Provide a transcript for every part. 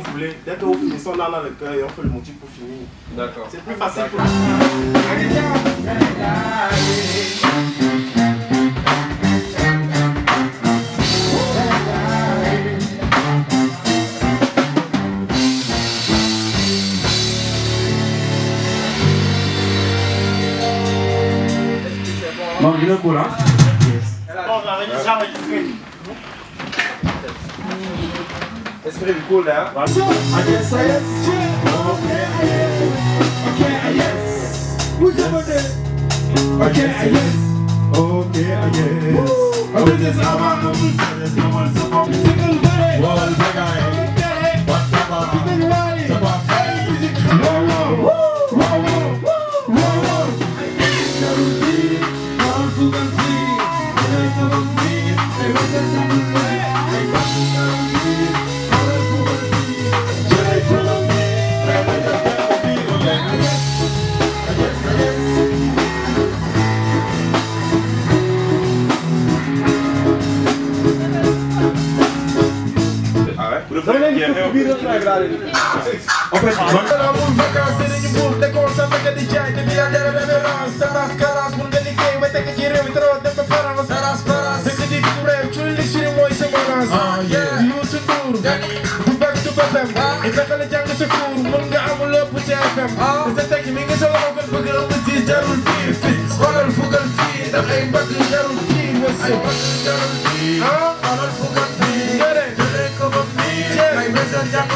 vous voulez. Dès que vous finissez, on a dans le cœur et on fait le motif pour finir. D'accord. C'est plus facile pour cool now. I guess I yes. Okay, I yes. Who's over there? Okay, I yes. Okay, I yes. Oh, this is how I'm moving. There's no one so far. Single way. Wall, big eye. What's up? Keep it right. No, no. Woo! en fait man. dara mun vacance dinañu buur décor sa mbéy di jaay te bii yaa dara révérence saras karas mun nga liggéey ba teg ci réew mi trop def ko faral saras faras dëkk di di réew ci li si mooy semence. ah yeah Youssou Ndour. du bëgg du ko fem. ah fexe la jàng sa cour mun nga am lépp ci FM. ah sa teg mi ngi sa loxo kon bëgg la mu di jarul fii fii xoolal fugal fii ndax ay mbagg jarul fii wës. ay mbagg jarul fii. ah xoolal fugal fii. jërëjëf jërëjëf ko ba fii. jërëjëf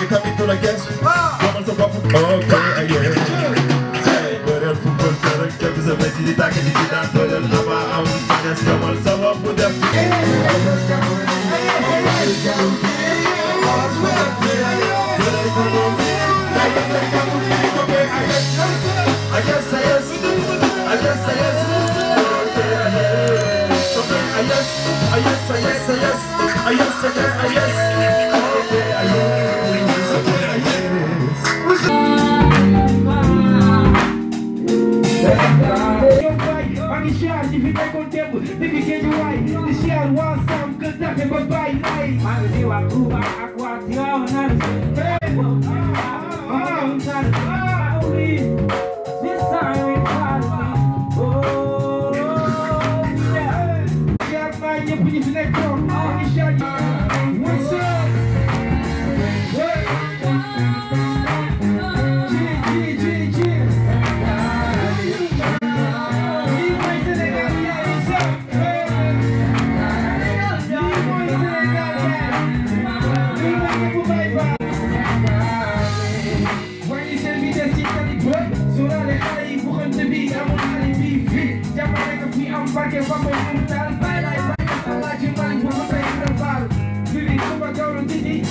you coming to like this? Vamos ao papo. Ok, yeah. Bărăl cu pălcără, că vi se vezi de dacă ni se da fără lama Am bani să mă să mă putem I guess I guess I guess I guess I guess I guess I guess I guess I guess I guess I guess nothing but bright lights. Man, you are cool,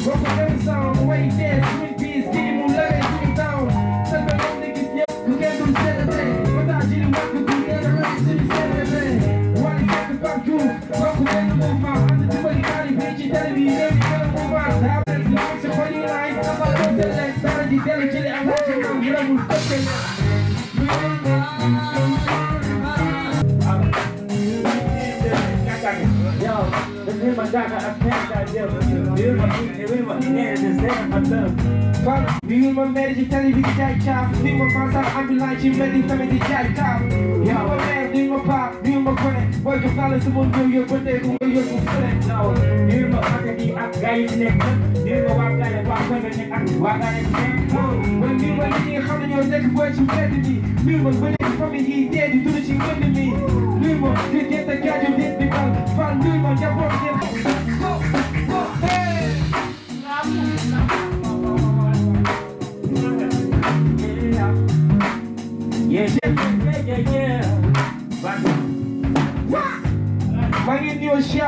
Rock my hands on, wait, dance, Desde Mandaka, I can't goddamn Vivimos aqui, vivimos aqui, desenho, matando Fuck, vivimos uma merda de televisão, tchau Vivimos passar ambulante, merda infame de tchau, tchau Yo, man, vivimos pá, vivimos friend Boy, que fala esse mundo, eu contei com eu com friend, não Vivimos aqui, aqui, aqui, gaio, né, vivimos aqui, aqui, aqui, aqui, aqui, aqui, When we were here, how many of them were together? We were winning from the heat, dead, you do the thing with me.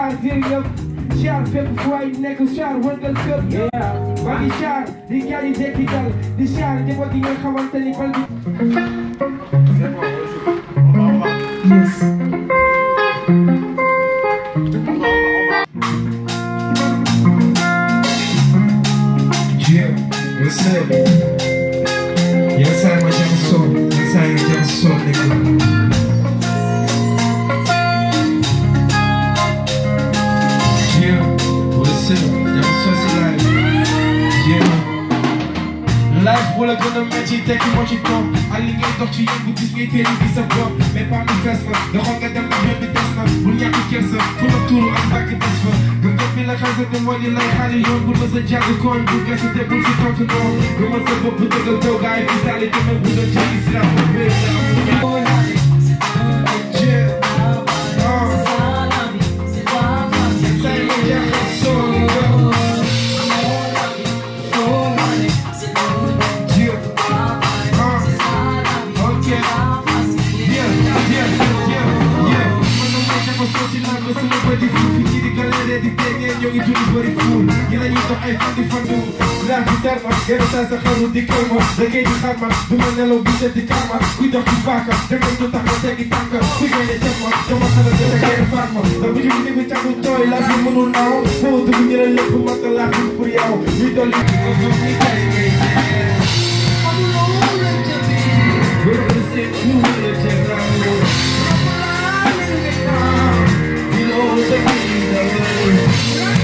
jaar réew yëpp jaar fépp fu waay nekk jaar wërngal këpp di jaar di jaar yi dal wala gën a métti tekki moo ci doom ak li ngay dox ci yëngu gis ngay téeri bi sa bopp mais pas mi fees na doxal tuuru ak bàkk des fa lay xaali yoon bu mës a jàgg kooñ bu gasi te bul si tontu noonu gëmal sa bopp dëggal taw gaay fi saali ter ma gën a saay sa xaru di kër ma da ngeen di xar ma du ma nelaw bi set di kar ma kuy dox ci paaka dangeen du tax ma teggi tànk ku ngeen teg ma dama xala da ngeen faat ma da bu ñu ni bi tagu tooy la si mënul naaw foo dugg ñu ne lépp ma ko laaj pour yow ñu dolli ñu tay ngay We're the same cool as a ground. You know the things I know.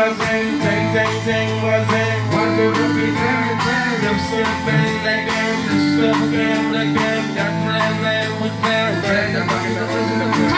buzzing, ding, ding, ding, buzzing. Wonder what we everything. Them surfing like them, them surfing like them. Got plan, plan, with plan. Brand, I'm rocking the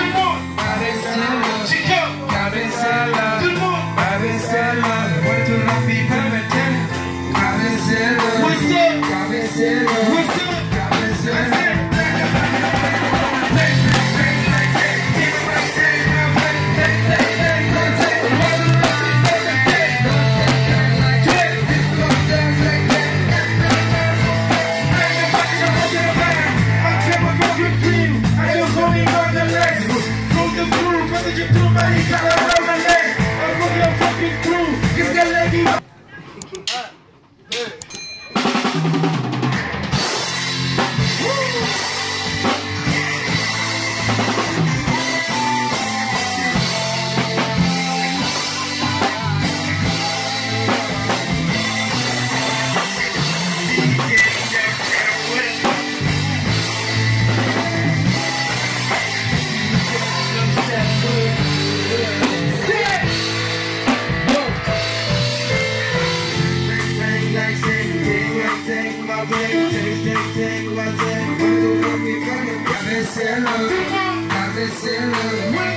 my way. Take, take, take my time. Cuando con mi cara, cabecela, cabecela.